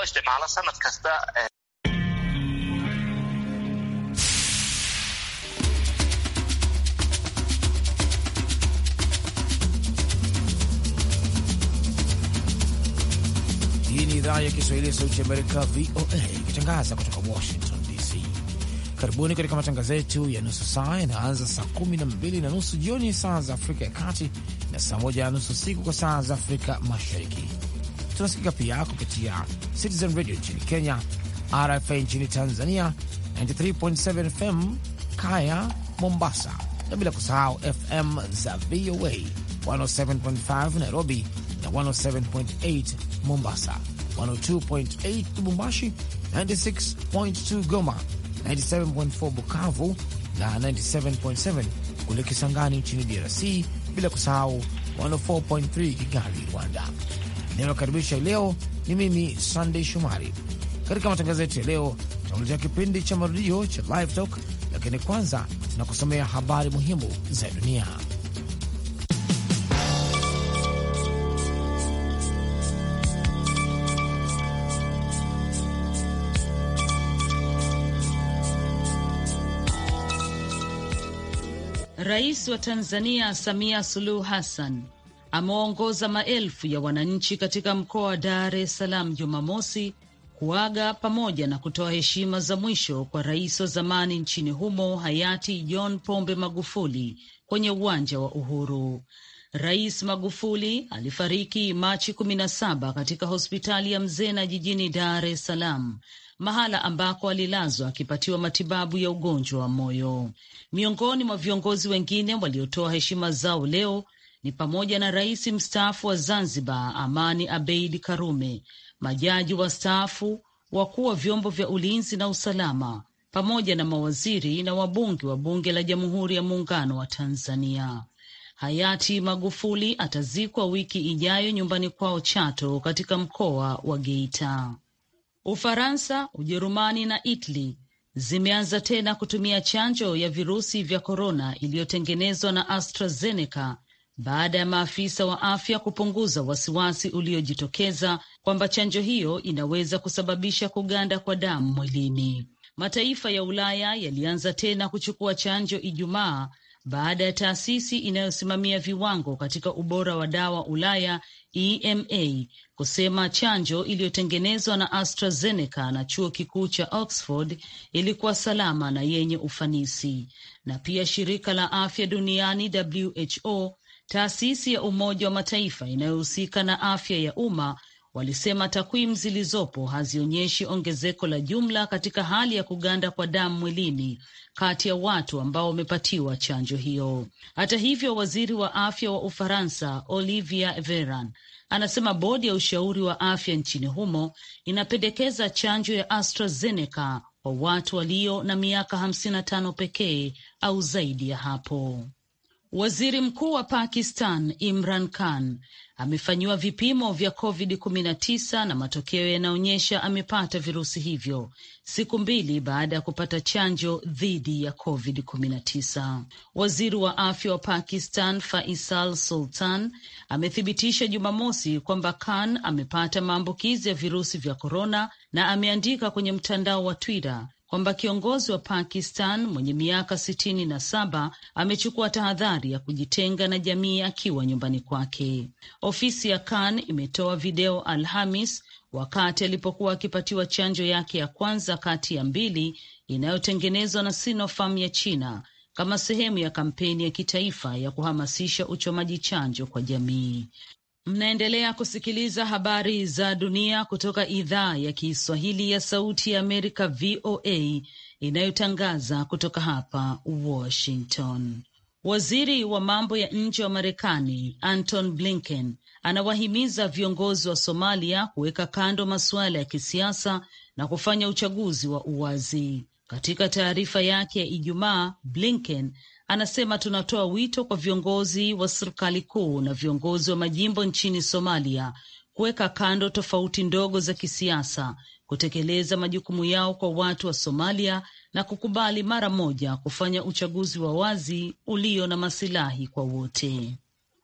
loo isticmaalo sanad kasta. Hii ni idhaa ya Kiswahili ya Sauti ya Amerika, VOA, ikitangaza kutoka Washington DC. Karibuni katika matangazo yetu ya nusu saa yanaanza saa kumi na mbili na nusu jioni saa za Afrika ya Kati na saa moja na nusu usiku kwa saa za Afrika Mashariki tunasikika pia kupitia Citizen Radio nchini Kenya, RFA nchini Tanzania 93.7 FM Kaya Mombasa, na bila kusahau FM za VOA 107.5 Nairobi na 107.8 Mombasa, 102.8 Lubumbashi, 96.2 Goma, 97.4 Bukavu na 97.7 kule Kisangani nchini DRC, bila kusahau 104.3 Kigali, Rwanda inayokaribisha leo ni mimi Sandey Shomari. Katika matangazo yetu ya leo, tunauletea kipindi cha marudio cha Live Talk, lakini kwanza tunakusomea habari muhimu za dunia. Rais wa Tanzania Samia Suluhu Hassan amewaongoza maelfu ya wananchi katika mkoa wa Dar es Salaam Jumamosi kuaga pamoja na kutoa heshima za mwisho kwa rais wa zamani nchini humo hayati John Pombe Magufuli kwenye uwanja wa Uhuru. Rais Magufuli alifariki Machi kumi na saba katika hospitali ya Mzena jijini Dar es Salaam, mahala ambako alilazwa akipatiwa matibabu ya ugonjwa wa moyo. Miongoni mwa viongozi wengine waliotoa heshima zao leo ni pamoja na rais mstaafu wa Zanzibar Amani Abeid Karume, majaji wastaafu, wakuu wa vyombo vya ulinzi na usalama, pamoja na mawaziri na wabunge wa Bunge la Jamhuri ya Muungano wa Tanzania. Hayati Magufuli atazikwa wiki ijayo nyumbani kwao Chato, katika mkoa wa Geita. Ufaransa, Ujerumani na Italy zimeanza tena kutumia chanjo ya virusi vya korona iliyotengenezwa na AstraZeneca baada ya maafisa wa afya kupunguza wasiwasi uliojitokeza kwamba chanjo hiyo inaweza kusababisha kuganda kwa damu mwilini. Mataifa ya Ulaya yalianza tena kuchukua chanjo Ijumaa baada ya taasisi inayosimamia viwango katika ubora wa dawa Ulaya EMA kusema chanjo iliyotengenezwa na AstraZeneca na chuo kikuu cha Oxford ilikuwa salama na yenye ufanisi. Na pia shirika la afya duniani WHO Taasisi ya Umoja wa Mataifa inayohusika na afya ya umma walisema takwimu zilizopo hazionyeshi ongezeko la jumla katika hali ya kuganda kwa damu mwilini kati ya watu ambao wamepatiwa chanjo hiyo. Hata hivyo, waziri wa afya wa Ufaransa Olivia Veran anasema bodi ya ushauri wa afya nchini humo inapendekeza chanjo ya AstraZeneca kwa watu walio na miaka 55 na tano pekee au zaidi ya hapo. Waziri Mkuu wa Pakistan Imran Khan amefanyiwa vipimo vya COVID-19 na matokeo yanaonyesha amepata virusi hivyo siku mbili baada ya kupata chanjo dhidi ya COVID-19. Waziri wa afya wa Pakistan Faisal Sultan amethibitisha Jumamosi kwamba Khan amepata maambukizi ya virusi vya korona na ameandika kwenye mtandao wa Twitter kwamba kiongozi wa Pakistan mwenye miaka sitini na saba amechukua tahadhari ya kujitenga na jamii akiwa nyumbani kwake. Ofisi ya Khan imetoa video Alhamis wakati alipokuwa akipatiwa chanjo yake ya kwanza kati ya mbili inayotengenezwa na Sinopharm ya China kama sehemu ya kampeni ya kitaifa ya kuhamasisha uchomaji chanjo kwa jamii. Mnaendelea kusikiliza habari za dunia kutoka idhaa ya Kiswahili ya Sauti ya Amerika, VOA, inayotangaza kutoka hapa Washington. Waziri wa mambo ya nje wa Marekani Anton Blinken anawahimiza viongozi wa Somalia kuweka kando masuala ya kisiasa na kufanya uchaguzi wa uwazi. Katika taarifa yake ya Ijumaa, Blinken anasema tunatoa wito kwa viongozi wa serikali kuu na viongozi wa majimbo nchini Somalia kuweka kando tofauti ndogo za kisiasa, kutekeleza majukumu yao kwa watu wa Somalia na kukubali mara moja kufanya uchaguzi wa wazi ulio na masilahi kwa wote.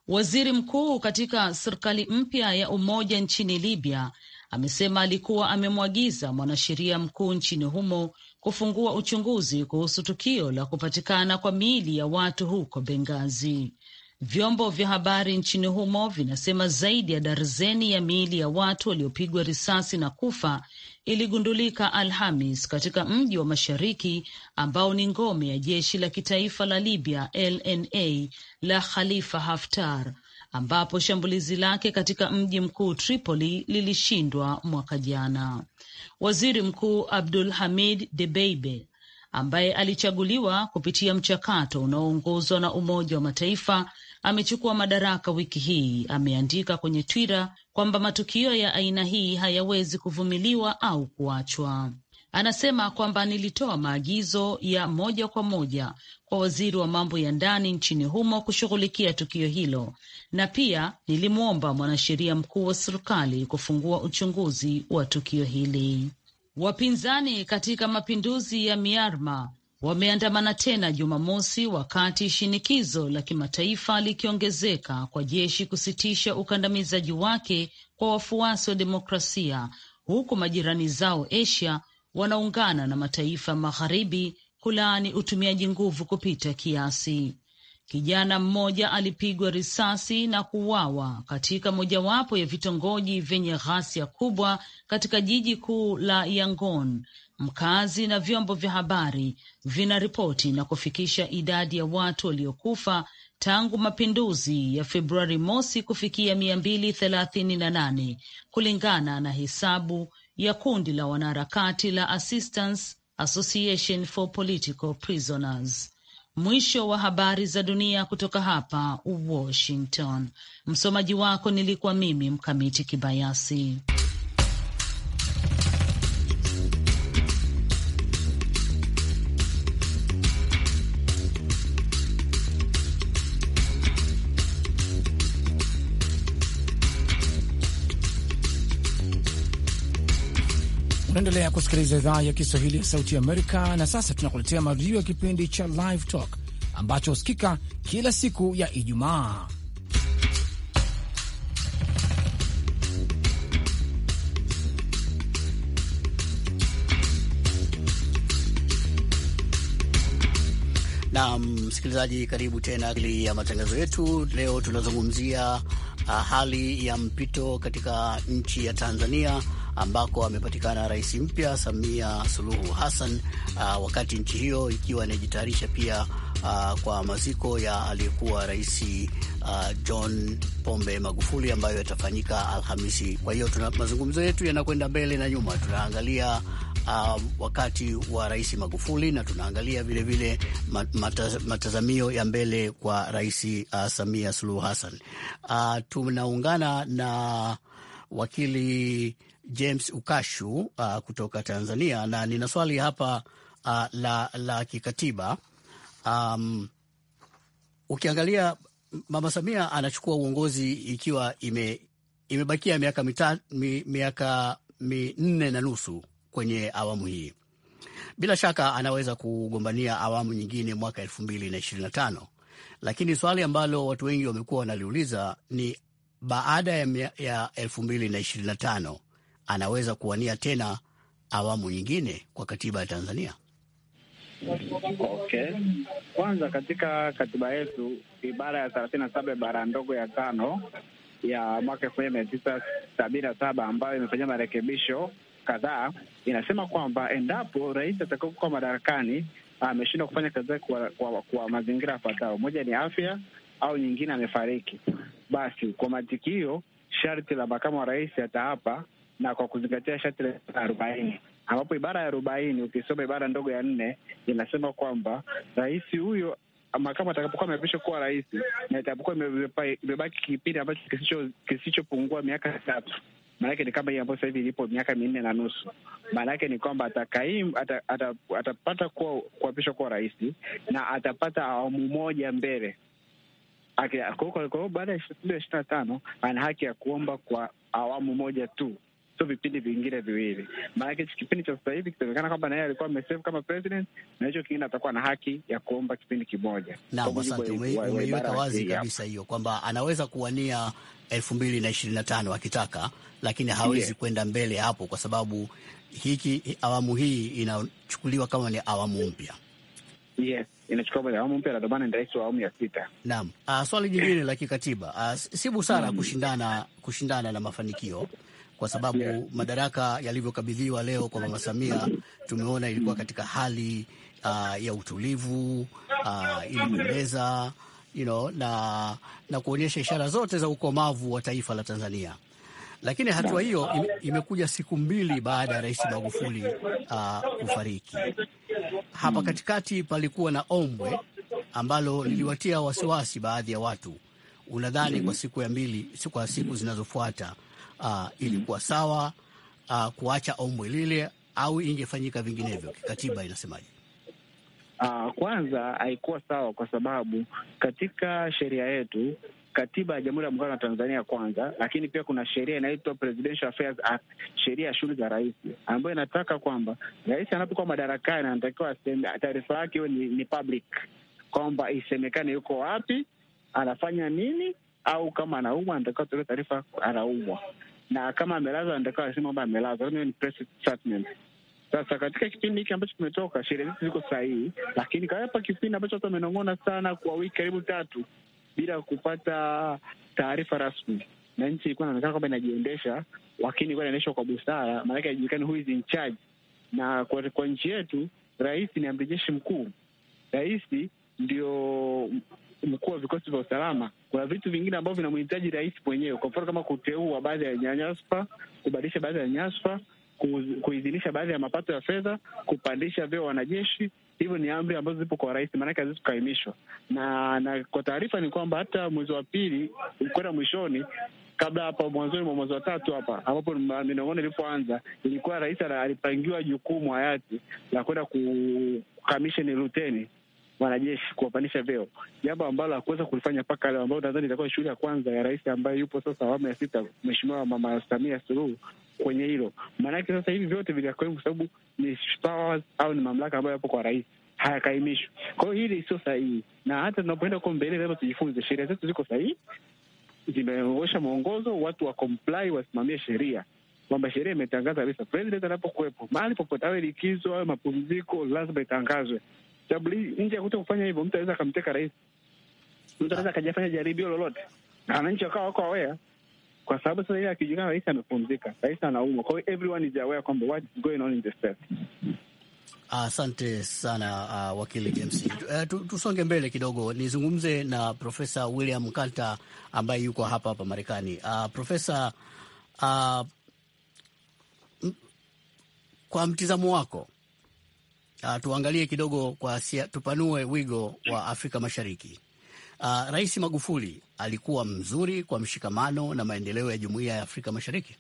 Waziri mkuu katika serikali mpya ya umoja nchini Libya amesema alikuwa amemwagiza mwanasheria mkuu nchini humo kufungua uchunguzi kuhusu tukio la kupatikana kwa miili ya watu huko Bengazi. Vyombo vya habari nchini humo vinasema zaidi ya darzeni ya miili ya watu waliopigwa risasi na kufa iligundulika Alhamis katika mji wa mashariki ambao ni ngome ya jeshi la kitaifa la Libya, LNA, la Khalifa Haftar ambapo shambulizi lake katika mji mkuu Tripoli lilishindwa mwaka jana. Waziri Mkuu Abdul Hamid Debeibe ambaye alichaguliwa kupitia mchakato unaoongozwa na Umoja wa Mataifa amechukua madaraka wiki hii, ameandika kwenye Twitter kwamba matukio ya aina hii hayawezi kuvumiliwa au kuachwa. Anasema kwamba nilitoa maagizo ya moja kwa moja kwa waziri wa mambo ya ndani nchini humo kushughulikia tukio hilo, na pia nilimwomba mwanasheria mkuu wa serikali kufungua uchunguzi wa tukio hili. Wapinzani katika mapinduzi ya Myanmar wameandamana tena Jumamosi wakati shinikizo la kimataifa likiongezeka kwa jeshi kusitisha ukandamizaji wake kwa wafuasi wa demokrasia, huku majirani zao Asia wanaungana na mataifa magharibi kulaani utumiaji nguvu kupita kiasi. Kijana mmoja alipigwa risasi na kuuawa katika mojawapo ya vitongoji vyenye ghasia kubwa katika jiji kuu la Yangon. Mkazi na vyombo vya habari vinaripoti na kufikisha idadi ya watu waliokufa tangu mapinduzi ya Februari mosi kufikia mia mbili thelathini na nane kulingana na hesabu ya kundi la wanaharakati la Assistance Association for Political Prisoners. Mwisho wa habari za dunia kutoka hapa Washington. Msomaji wako nilikuwa mimi Mkamiti Kibayasi. Unaendelea kusikiliza idhaa ya Kiswahili ya Sauti ya Amerika, na sasa tunakuletea marudio ya kipindi cha Live Talk ambacho husikika kila siku ya Ijumaa. Na msikilizaji, karibu tena ili ya matangazo yetu. Leo tunazungumzia ah, hali ya mpito katika nchi ya Tanzania ambako amepatikana rais mpya Samia Suluhu Hassan, uh, wakati nchi hiyo ikiwa inajitayarisha pia uh, kwa maziko ya aliyekuwa rais uh, John Pombe Magufuli ambayo yatafanyika Alhamisi. Kwa hiyo tuna mazungumzo yetu yanakwenda mbele na nyuma, tunaangalia Uh, wakati wa Rais Magufuli na tunaangalia vilevile mata, matazamio ya mbele kwa Rais uh, Samia Suluhu Hassan. Uh, tunaungana na wakili James Ukashu uh, kutoka Tanzania, na nina swali hapa uh, la, la kikatiba um, ukiangalia Mama Samia anachukua uongozi ikiwa ime, imebakia miaka mita, mi, miaka minne na nusu kwenye awamu hii. Bila shaka anaweza kugombania awamu nyingine mwaka elfu mbili na ishirini na tano, lakini swali ambalo watu wengi wamekuwa wanaliuliza ni baada ya, ya elfu mbili na ishirini na tano anaweza kuwania tena awamu nyingine kwa katiba ya Tanzania? Okay, kwanza katika katiba yetu ibara ya thelathini na saba ibara ndogo ya tano ya mwaka elfu moja mia tisa sabini na saba ambayo imefanyia marekebisho kadhaa inasema kwamba endapo rais atakaokuwa madarakani ameshindwa kufanya kazi zake kwa, kwa, kwa mazingira yafuatayo: moja ni afya au nyingine amefariki, basi kwa matikio sharti la makamu wa rais ataapa na kwa kuzingatia sharti la arobaini ambapo ibara ya arobaini ukisoma ibara ndogo ya nne inasema kwamba rais huyo mahakama atakapokuwa ameapishwa kuwa rais na itapokuwa imebaki kipindi ambacho kisichopungua miaka tatu, maanake ni kama hii ambayo sasa hivi ilipo miaka minne na nusu. Maanake ni kwamba atakaimu ata, ata, atapata kuwa kuapishwa kuwa rais na atapata awamu moja mbele. Kwa hiyo baada ya ishirini na tano ana haki ya kuomba kwa awamu moja tu sio vipindi vingine viwili. Maanake kipindi cha sasa hivi kitaonekana kwamba naye alikuwa ameserve kama president, na hicho kingine atakuwa na haki ya kuomba kipindi kimoja. Naam, asante, umeiweka wazi kabisa hiyo kwamba anaweza kuwania elfu mbili na ishirini na tano akitaka, lakini hawezi yeah, kwenda mbele hapo kwa sababu hiki awamu hii inachukuliwa kama ni awamu mpya. Yes, inachukua baada awamu mpya, ndio maana ni rais wa awamu ya sita. Naam. Ah, swali jingine la kikatiba uh, si busara hmm. kushindana kushindana na mafanikio kwa sababu madaraka yalivyokabidhiwa leo kwa Mama Samia tumeona ilikuwa katika hali uh, ya utulivu uh, ilipendeza you know, na, na kuonyesha ishara zote za ukomavu wa taifa la Tanzania lakini hatua hiyo imekuja siku mbili baada ya Rais Magufuli uh, kufariki. Hapa katikati palikuwa na ombwe ambalo liliwatia wasiwasi baadhi ya watu. Unadhani kwa siku ya mbili, kwa siku zinazofuata uh, ilikuwa sawa uh, kuacha ombwe lile au ingefanyika vinginevyo? Kikatiba inasemaje? Uh, kwanza haikuwa sawa kwa sababu katika sheria yetu katiba ya Jamhuri ya Muungano wa Tanzania kwanza, lakini pia kuna sheria inaitwa Presidential Affairs Act, sheria ya shughuli za rais, ambayo inataka kwamba rais anapokuwa madarakani anatakiwa taarifa yake hiyo ni, ni public, kwamba isemekane yuko wapi, anafanya nini au kama anaumwa anatakiwa tutoe taarifa anaumwa, na kama amelazwa anatakiwa asema kwamba amelazwa. Hiyo ni press statement. Sasa katika kipindi hiki ambacho kimetoka, sheria zetu ziko sahihi, lakini kawepa kipindi ambacho watu wamenong'ona sana kwa wiki karibu tatu bila kupata taarifa rasmi, na nchi ilikuwa inaonekana kwamba inajiendesha, lakini ilikuwa inaendeshwa kwa busara, maanake haijulikani who is in charge. Na kwa, kwa nchi yetu rais ni amri jeshi mkuu. Rais ndio mkuu wa vikosi vya usalama, kuna vitu vingine ambavyo vinamhitaji rais mwenyewe, kwa mfano kama kuteua baadhi ya nyanyaspa, kubadilisha baadhi ya nyaspa, kuidhinisha baadhi ya mapato ya fedha, kupandisha vyeo wanajeshi. Hivyo ni amri ambazo zipo kwa rais, maanake haziwezi kukaimishwa. Na na kwa taarifa ni kwamba hata mwezi wa pili kwenda mwishoni kabla hapa mwanzoni mwa mwezi wa tatu hapa ambapo minong'ono ilipoanza, ilikuwa rais alipangiwa jukumu hayati la kwenda ku kamisheni luteni wanajeshi kuwapandisha vyeo, jambo ambalo hakuweza kulifanya mpaka leo, ambayo nadhani itakuwa shughuli ya kwanza ya rais ambaye yupo sasa awamu ya sita, Mheshimiwa Mama Samia Suluhu kwenye hilo. Maanake sasa hivi vyote vilikaim kwa sababu ni powers au ni mamlaka ambayo yapo kwa rais hayakaimishwi. Kwa hiyo hili sio sahihi, na hata tunapoenda huko mbele lazima tujifunze, sheria zetu ziko sahihi, zimeosha mwongozo, watu wa comply wasimamie sheria kwamba sheria imetangaza kabisa, president anapokuwepo mahali popote, awe likizo awe mapumziko, lazima itangazwe sababu e, nje ya kuto kufanya hivyo, mtu anaweza akamteka rais, mtu anaweza akajafanya jaribio lolote, wananchi wakawa wako aware, kwa sababu sasa ile akijulikana rais amepumzika, rais anaumwa, kwa hiyo everyone is aware kwamba what is going on in the state. Asante uh, sana uh, wakili James. Uh, tusonge mbele kidogo, nizungumze na Profesa William Kalta ambaye yuko hapa hapa Marekani. Uh, profesa, uh, kwa mtizamo wako uh, tuangalie kidogo kwa sia, tupanue wigo wa Afrika Mashariki. Uh, Rais Magufuli alikuwa mzuri kwa mshikamano na maendeleo ya Jumuiya ya Afrika Mashariki.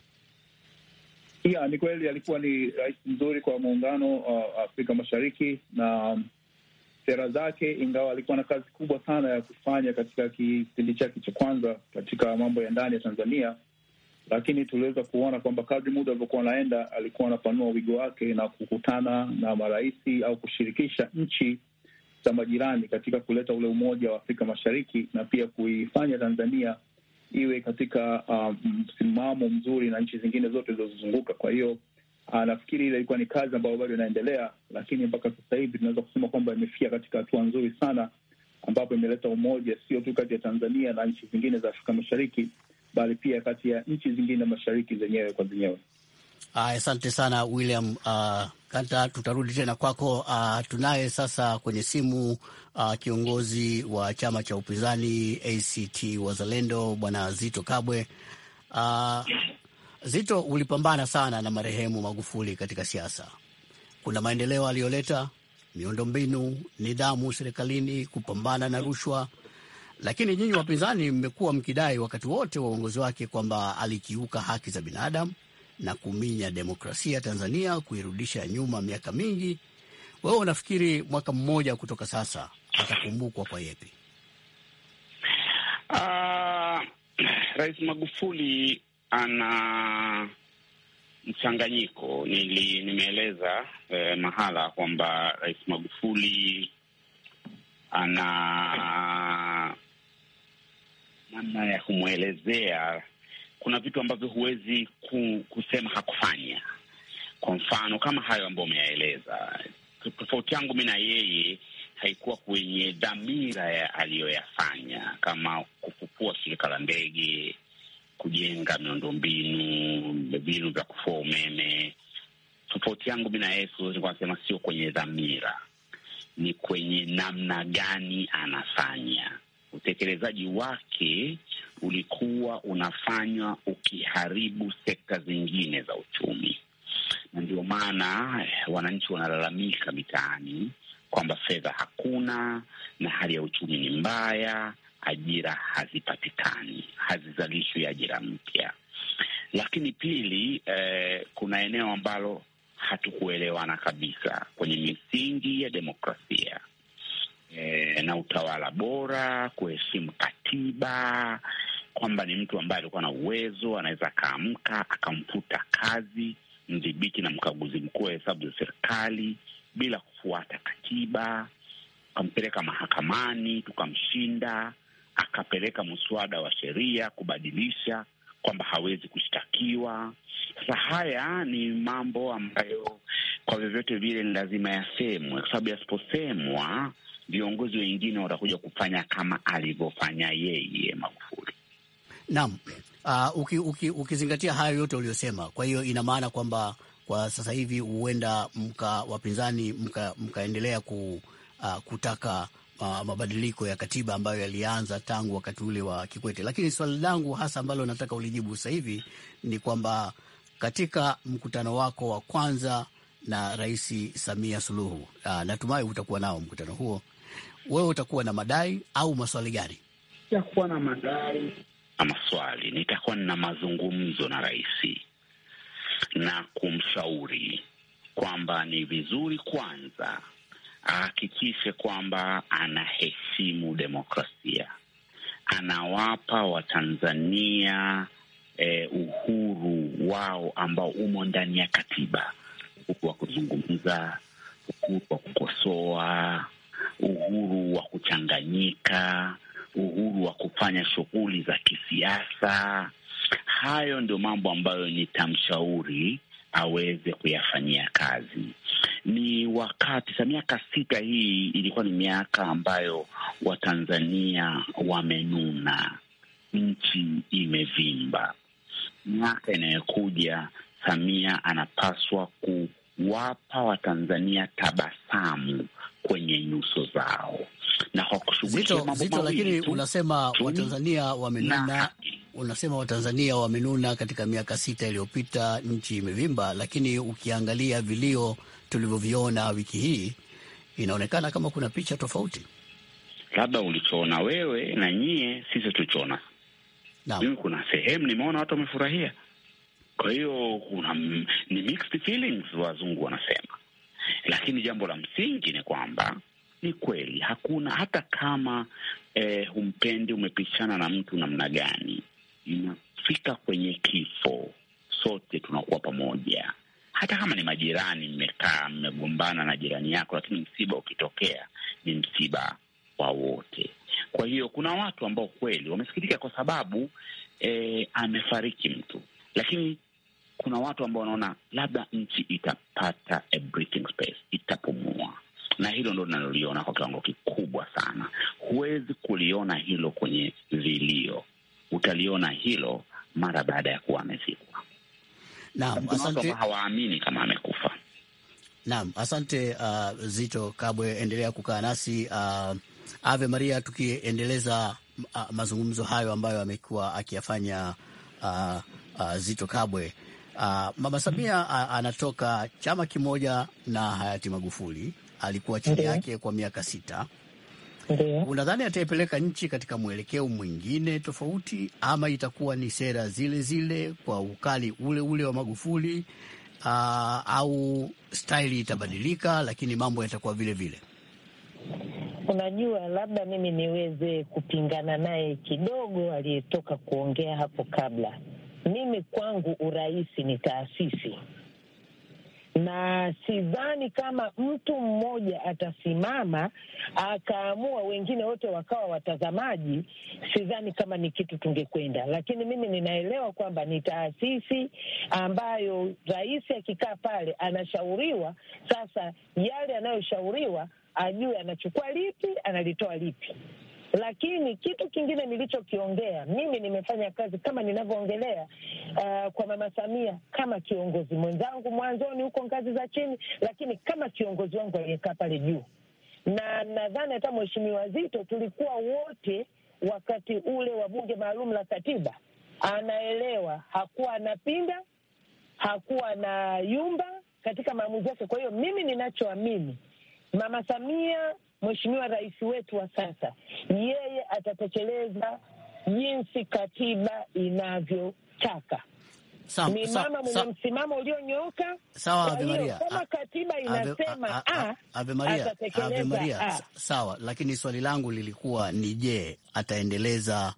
Yeah, ni kweli alikuwa ni rais mzuri kwa muungano wa uh, Afrika Mashariki na um, sera zake, ingawa alikuwa na kazi kubwa sana ya kufanya katika kipindi chake cha kwanza katika mambo ya ndani ya Tanzania lakini tuliweza kuona kwamba kadri muda alivyokuwa anaenda, alikuwa anapanua wigo wake na kukutana na marais au kushirikisha nchi za majirani katika kuleta ule umoja wa Afrika Mashariki na pia kuifanya Tanzania iwe katika uh, msimamo um, mzuri na nchi zingine zote zilizozunguka. Kwa hiyo uh, nafikiri ile ilikuwa ni kazi ambayo bado inaendelea, lakini mpaka sasa hivi tunaweza kusema kwamba imefikia katika hatua nzuri sana ambapo imeleta umoja sio tu kati ya Tanzania na nchi zingine za Afrika Mashariki, bali pia kati ya nchi zingine mashariki zenyewe kwa zenyewe. Ah, asante sana William uh, Kanta, tutarudi tena kwako. Uh, tunaye sasa kwenye simu uh, kiongozi wa chama cha upinzani ACT Wazalendo Bwana Zito Kabwe. Uh, Zito, ulipambana sana na marehemu Magufuli katika siasa. Kuna maendeleo aliyoleta, miundombinu, nidhamu serikalini, kupambana na rushwa lakini nyinyi wapinzani mmekuwa mkidai wakati wote wa uongozi wake kwamba alikiuka haki za binadamu na kuminya demokrasia Tanzania, kuirudisha nyuma miaka mingi. Wewe unafikiri mwaka mmoja kutoka sasa atakumbukwa kwa yepi? Uh, Rais Magufuli ana mchanganyiko. Nili, nimeeleza eh, mahala kwamba Rais Magufuli ana namna ya kumwelezea. Kuna vitu ambavyo huwezi ku, kusema hakufanya. Kwa mfano kama hayo ambayo umeyaeleza, tofauti yangu mi na yeye haikuwa kwenye dhamira ya aliyoyafanya, kama kufufua shirika la ndege, kujenga miundombinu, vinu vya kufua umeme. Tofauti yangu mi na yeye nasema sio kwenye dhamira, ni kwenye namna gani anafanya utekelezaji wake wake ulikuwa unafanywa ukiharibu sekta zingine za uchumi, na ndio maana eh, wananchi wanalalamika mitaani kwamba fedha hakuna na hali ya uchumi ni mbaya, ajira hazipatikani, hazizalishwi ajira mpya. Lakini pili, eh, kuna eneo ambalo hatukuelewana kabisa kwenye misingi ya demokrasia eh, na utawala bora, kuheshimu katiba, kwamba ni mtu ambaye alikuwa na uwezo, anaweza akaamka akamfuta kazi mdhibiti na mkaguzi mkuu wa hesabu za serikali bila kufuata katiba. Tukampeleka mahakamani, tukamshinda, akapeleka mswada wa sheria kubadilisha kwamba hawezi kushtakiwa. Sasa haya ni mambo ambayo kwa vyovyote vile ni lazima yasemwe, kwa sababu yasiposemwa viongozi wengine watakuja kufanya kama alivyofanya yeye Magufuli. Naam. Uh, uki, uki, ukizingatia hayo yote uliyosema, kwa hiyo ina maana kwamba kwa sasa hivi huenda mka wapinzani mkaendelea mka ku, uh, kutaka uh, mabadiliko ya katiba ambayo yalianza tangu wakati ule wa Kikwete. Lakini swali langu hasa ambalo nataka ulijibu sasa hivi ni kwamba katika mkutano wako wa kwanza na Rais Samia Suluhu, uh, natumai utakuwa nao mkutano huo wewe utakuwa na madai au maswali gani? Sitakuwa na madai na maswali, nitakuwa na mazungumzo na rais na kumshauri kwamba ni vizuri kwanza ahakikishe kwamba anaheshimu demokrasia, anawapa Watanzania eh, uhuru wao ambao umo ndani ya katiba, uhuru wa kuzungumza, uhuru wa kukosoa uhuru wa kuchanganyika, uhuru wa kufanya shughuli za kisiasa. Hayo ndio mambo ambayo nitamshauri aweze kuyafanyia kazi. Ni wakati sa miaka sita hii ilikuwa ni miaka ambayo Watanzania wamenuna, nchi imevimba. Miaka inayokuja Samia anapaswa kuwapa Watanzania tabasamu kwenye nyuso zao na hawakushughulikia mambo. Lakini unasema Watanzania wamenuna, unasema Watanzania wamenuna katika miaka sita iliyopita, nchi imevimba, lakini ukiangalia vilio tulivyoviona wiki hii inaonekana kama kuna picha tofauti, labda ulichoona wewe na nyie, sisi tulichoona mimi, kuna sehemu nimeona watu wamefurahia, kwa hiyo kuna ni mixed feelings, wazungu wanasema lakini jambo la msingi ni kwamba ni kweli hakuna hata kama eh, humpendi, umepishana na mtu namna gani, inafika kwenye kifo sote tunakuwa pamoja. Hata kama ni majirani, mmekaa mmegombana na jirani yako, lakini msiba ukitokea ni msiba wa wote. Kwa hiyo kuna watu ambao kweli wamesikitika kwa sababu eh, amefariki mtu, lakini kuna watu ambao wanaona labda nchi itapata a breathing space, itapumua, na hilo ndo linaloliona kwa kiwango kikubwa sana. Huwezi kuliona hilo kwenye vilio, utaliona hilo mara baada ya kuwa amezikwa. asante. Hawaamini kama amekufa. Naam, asante. Uh, Zito Kabwe, endelea kukaa nasi. Uh, Ave Maria, tukiendeleza uh, mazungumzo hayo ambayo amekuwa akiyafanya uh, uh, Zito Kabwe Uh, Mama Samia mhm. uh, anatoka chama kimoja na hayati Magufuli, alikuwa chini yake kwa miaka sita. Okay. Unadhani ataipeleka nchi katika mwelekeo mwingine tofauti ama itakuwa ni sera zile zile kwa ukali ule ule wa Magufuli? Uh, au staili itabadilika lakini mambo yatakuwa vile vile? Unajua, labda mimi niweze kupingana naye kidogo, aliyetoka kuongea hapo kabla mimi kwangu urais ni taasisi, na sidhani kama mtu mmoja atasimama akaamua wengine wote wakawa watazamaji. Sidhani kama ni kitu tungekwenda, lakini mimi ninaelewa kwamba ni taasisi ambayo rais akikaa pale anashauriwa. Sasa yale anayoshauriwa ajue anachukua lipi, analitoa lipi. Lakini kitu kingine nilichokiongea mimi, nimefanya kazi kama ninavyoongelea uh, kwa Mama Samia kama kiongozi mwenzangu mwanzoni huko ngazi za chini, lakini kama kiongozi wangu aliyekaa pale juu, na nadhani hata Mheshimiwa Zito tulikuwa wote wakati ule wa bunge maalum la katiba, anaelewa, hakuwa anapinda, hakuwa na yumba katika maamuzi yake. Kwa hiyo mimi ninachoamini Mama Samia Mheshimiwa Rais wetu wa sasa, yeye atatekeleza jinsi katiba inavyotaka. Ni mama mwenye msimamo ulionyooka. Sawa, Ave Maria. Kama katiba inasema Ave Maria, Ave Maria, sawa, lakini swali langu lilikuwa ni je, ataendeleza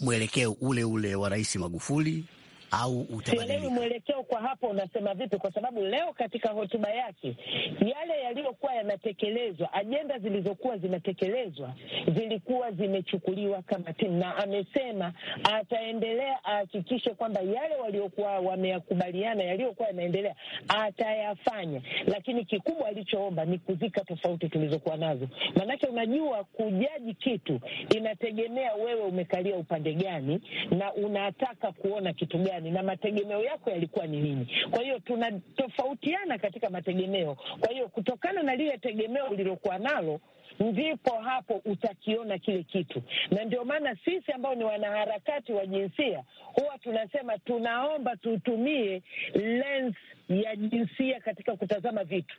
mwelekeo ule ule wa Rais Magufuli au utabadilika? mwelekeo kwa hapo unasema vipi, kwa sababu leo katika hotuba yake yale yaliyokuwa yanatekelezwa, ajenda zilizokuwa zinatekelezwa zilikuwa zimechukuliwa kama timu, na amesema ataendelea ahakikishe kwamba yale waliokuwa wameyakubaliana, yaliyokuwa yanaendelea atayafanya, lakini kikubwa alichoomba ni kuzika tofauti tulizokuwa nazo, maanake unajua kujaji kitu inategemea wewe umekalia upande gani na unataka kuona kitu gani gani na mategemeo yako yalikuwa ni nini. Kwa hiyo tunatofautiana katika mategemeo. Kwa hiyo kutokana na lile tegemeo ulilokuwa nalo ndipo hapo utakiona kile kitu, na ndio maana sisi ambao ni wanaharakati wa jinsia huwa tunasema tunaomba tutumie lens ya jinsia katika kutazama vitu.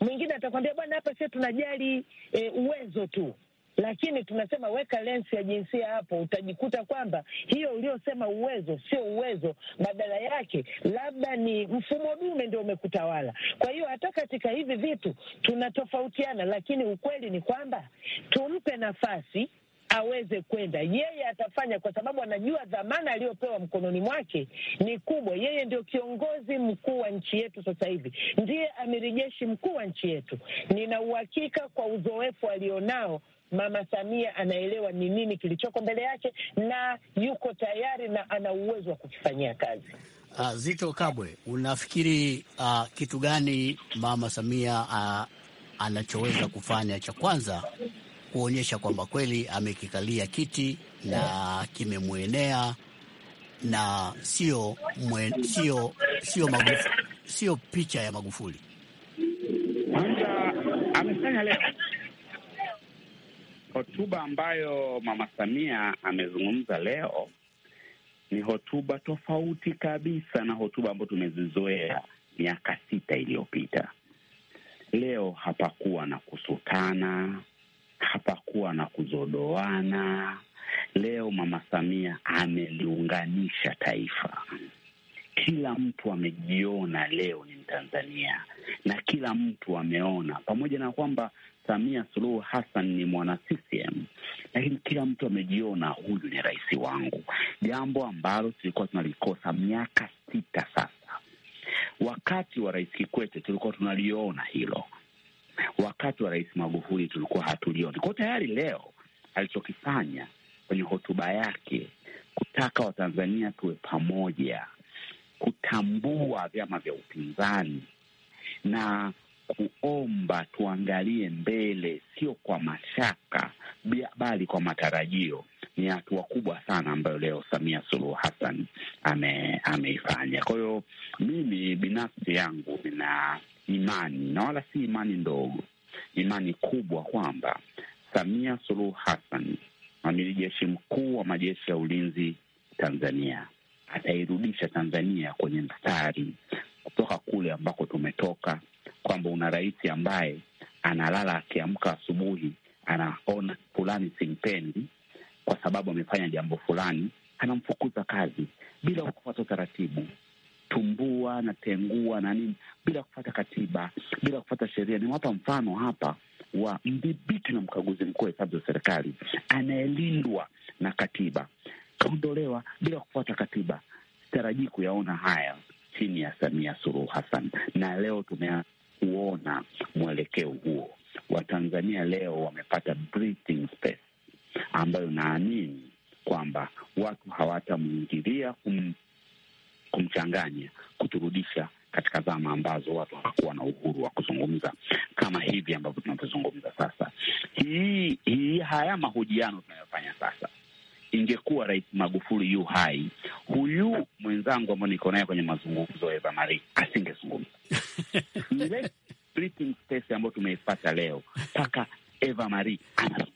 Mwingine atakwambia bwana, hapa sisi tunajali e, uwezo tu lakini tunasema weka lensi ya jinsia hapo, utajikuta kwamba hiyo uliosema uwezo sio uwezo, badala yake labda ni mfumo dume ndio umekutawala. Kwa hiyo hata katika hivi vitu tunatofautiana, lakini ukweli ni kwamba tumpe nafasi aweze kwenda, yeye atafanya, kwa sababu anajua dhamana aliyopewa mkononi mwake ni kubwa. Yeye ndio kiongozi mkuu wa nchi yetu sasa hivi, ndiye amiri jeshi mkuu wa nchi yetu. Nina uhakika kwa uzoefu alionao Mama Samia anaelewa ni nini kilichoko mbele yake na yuko tayari na ana uwezo wa kukifanyia kazi. Uh, ah, Zito Kabwe, unafikiri uh, kitu gani Mama Samia uh, anachoweza kufanya cha kwanza kuonyesha kwamba kweli amekikalia kiti na kimemwenea na sio mwen, sio sio magufu, sio picha ya Magufuli. Kwanza amefanya leo hotuba ambayo Mama Samia amezungumza leo ni hotuba tofauti kabisa na hotuba ambayo tumezizoea miaka sita iliyopita. Leo hapakuwa na kusutana, hapakuwa na kuzodoana. Leo Mama Samia ameliunganisha taifa. Kila mtu amejiona leo ni Mtanzania na kila mtu ameona, pamoja na kwamba Samia Suluhu Hassan ni mwana CCM, lakini kila mtu amejiona huyu ni rais wangu, jambo ambalo tulikuwa tunalikosa miaka sita sasa. Wakati wa Rais Kikwete tulikuwa tunaliona hilo, wakati wa Rais Magufuli tulikuwa hatulioni. Kwa tayari leo alichokifanya kwenye hotuba yake kutaka Watanzania tuwe pamoja, kutambua vyama vya upinzani na kuomba tuangalie mbele, sio kwa mashaka bali kwa matarajio. Ni hatua kubwa sana ambayo leo Samia Suluhu Hassan ame, ameifanya. Kwa hiyo mimi binafsi yangu nina imani na wala si imani ndogo, imani kubwa kwamba Samia Suluhu Hassan, amiri jeshi mkuu wa majeshi ya ulinzi Tanzania, atairudisha Tanzania kwenye mstari kutoka kule ambako tumetoka kwamba una rais ambaye analala akiamka asubuhi, anaona fulani simpendi kwa sababu amefanya jambo fulani, anamfukuza kazi bila kufuata utaratibu tumbua na tengua na nini, bila kufata katiba, bila kufata sheria. Nimewapa mfano hapa wa mdhibiti na mkaguzi mkuu wa hesabu za serikali anayelindwa na katiba, kaondolewa bila kufuata katiba. Sitarajii kuyaona haya chini ya Samia Suluhu Hassan, na leo tumeanza kuona mwelekeo huo. Watanzania leo wamepata breathing space ambayo naamini kwamba watu hawatamwingilia kum, kumchanganya kuturudisha katika zama ambazo watu hawakuwa na uhuru wa kuzungumza kama hivi ambavyo tunavyozungumza sasa. Hii hii haya mahojiano tunayofanya sasa ingekuwa Rais Magufuli yu hai, huyu mwenzangu ambayo niko naye kwenye mazungumzo Eva Marie asingezungumza ile space ambayo tumeipata leo mpaka Eva Marie anazungumza.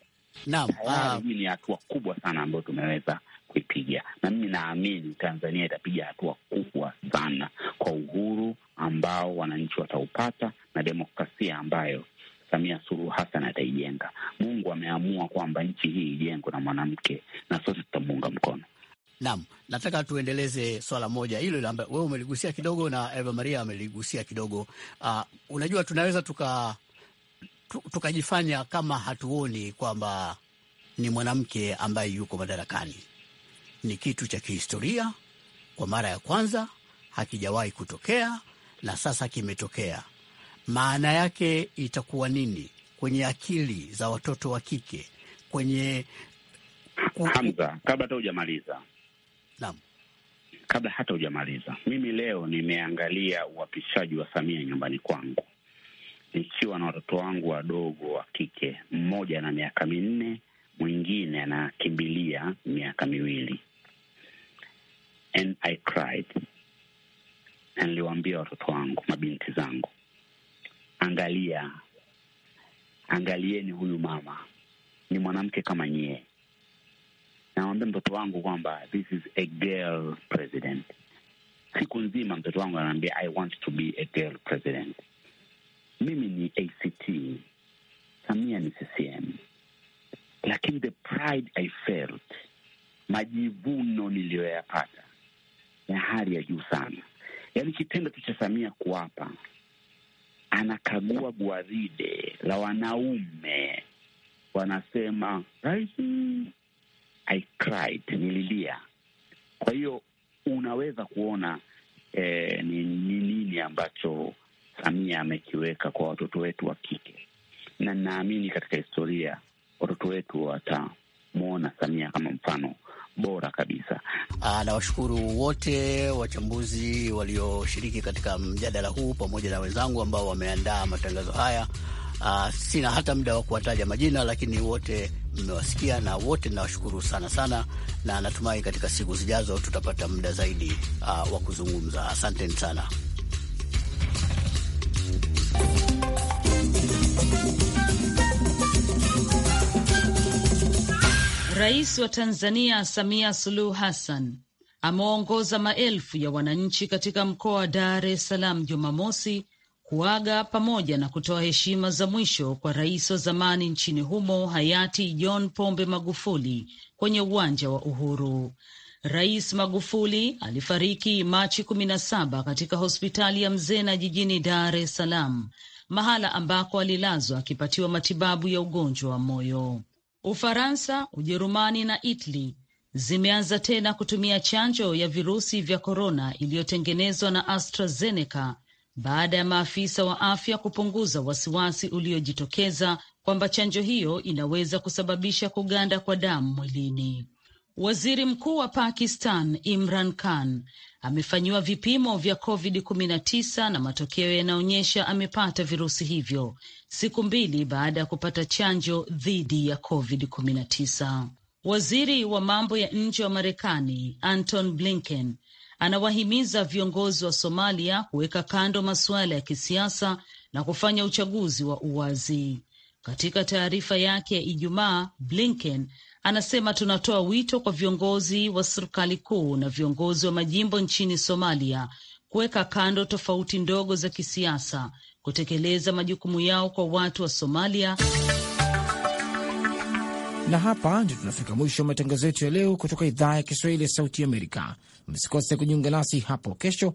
Naam, ah. hii ni hatua kubwa sana ambayo tumeweza kuipiga, na mimi naamini Tanzania itapiga hatua kubwa sana kwa uhuru ambao wananchi wataupata na demokrasia ambayo Samia Suluhu Hassan ataijenga. Mungu ameamua kwamba nchi hii ijengwe na mwanamke, na sote tutamuunga mkono. Naam, nataka tuendeleze swala moja hilo ile ambayo wewe umeligusia kidogo na Eva Maria ameligusia kidogo. Uh, unajua tunaweza tuka tukajifanya kama hatuoni kwamba ni mwanamke ambaye yuko madarakani. Ni kitu cha kihistoria, kwa mara ya kwanza hakijawahi kutokea na sasa kimetokea maana yake itakuwa nini kwenye akili za watoto wa kike kwenye Hamza, kabla hata hujamaliza. Naam, kabla hata hujamaliza, mimi leo nimeangalia uapishaji wa Samia nyumbani kwangu nikiwa na watoto wangu wadogo wa kike, mmoja ana miaka minne, mwingine anakimbilia miaka miwili. And I cried, na niliwaambia watoto wangu, mabinti zangu, angalia, angalieni huyu mama, ni mwanamke kama nyie. nawambia mtoto wangu kwamba this is a girl president. Siku nzima mtoto wangu ananiambia I want to be a girl president. Mimi ni ACT, Samia ni CCM, lakini the pride I felt, majivuno niliyoyapata ya hali ya juu sana, yaani kitendo tu cha Samia kuapa anakagua gwaride la wanaume, wanasema raisi, I cried, nililia. Kwa hiyo unaweza kuona eh, ni nini ambacho Samia amekiweka kwa watoto wetu wa kike, na ninaamini katika historia watoto wetu watamwona Samia kama mfano bora kabisa. Ah, nawashukuru wote wachambuzi walioshiriki katika mjadala huu pamoja na wenzangu ambao wameandaa matangazo haya. Aa, ah, sina hata muda wa kuwataja majina, lakini wote mmewasikia na wote nawashukuru sana sana, na natumai katika siku zijazo tutapata muda zaidi ah, wa kuzungumza. Asanteni sana. Rais wa Tanzania Samia Suluhu Hassan amewaongoza maelfu ya wananchi katika mkoa wa Dar es Salaam Jumamosi kuaga pamoja na kutoa heshima za mwisho kwa rais wa zamani nchini humo hayati John Pombe Magufuli kwenye uwanja wa Uhuru. Rais Magufuli alifariki Machi kumi na saba katika hospitali ya Mzena jijini Dar es Salaam, mahala ambako alilazwa akipatiwa matibabu ya ugonjwa wa moyo. Ufaransa, Ujerumani na Italy zimeanza tena kutumia chanjo ya virusi vya korona iliyotengenezwa na AstraZeneca baada ya maafisa wa afya kupunguza wasiwasi uliojitokeza kwamba chanjo hiyo inaweza kusababisha kuganda kwa damu mwilini. Waziri Mkuu wa Pakistan Imran Khan amefanyiwa vipimo vya COVID-19 na matokeo yanaonyesha amepata virusi hivyo siku mbili baada ya kupata chanjo dhidi ya COVID-19. Waziri wa mambo ya nje wa Marekani Anton Blinken anawahimiza viongozi wa Somalia kuweka kando masuala ya kisiasa na kufanya uchaguzi wa uwazi. Katika taarifa yake ya Ijumaa, Blinken anasema tunatoa wito kwa viongozi wa serikali kuu na viongozi wa majimbo nchini Somalia kuweka kando tofauti ndogo za kisiasa, kutekeleza majukumu yao kwa watu wa Somalia. Na hapa ndio tunafika mwisho wa matangazo yetu ya leo kutoka idhaa ya Kiswahili ya Sauti Amerika. Msikose kujiunga nasi hapo kesho